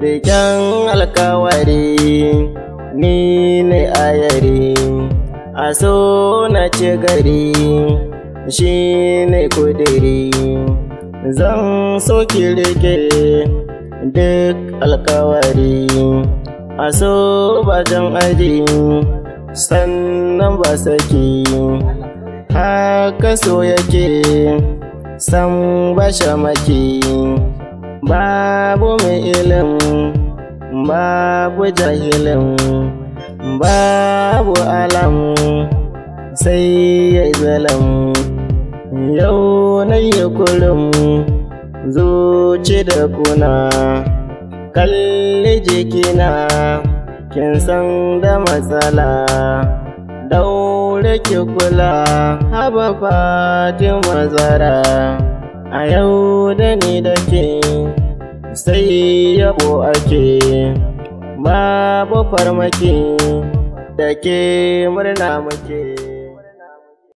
riƙen alkawari ni ne ayari a so na ce gari shi ne kudiri zan so ki duk alkawari a so ba jan aji sannan ba saki haka so yake san ba shamaki babu mai ilim, babu jahilin babu alam sai ya zalam yau na yi kullum zuci da kuna kalli jikina kin san da matsala daure ki kula haba fatima mazara. a yau da ni da ke sai yabo ake babu farmaki da ke murna muke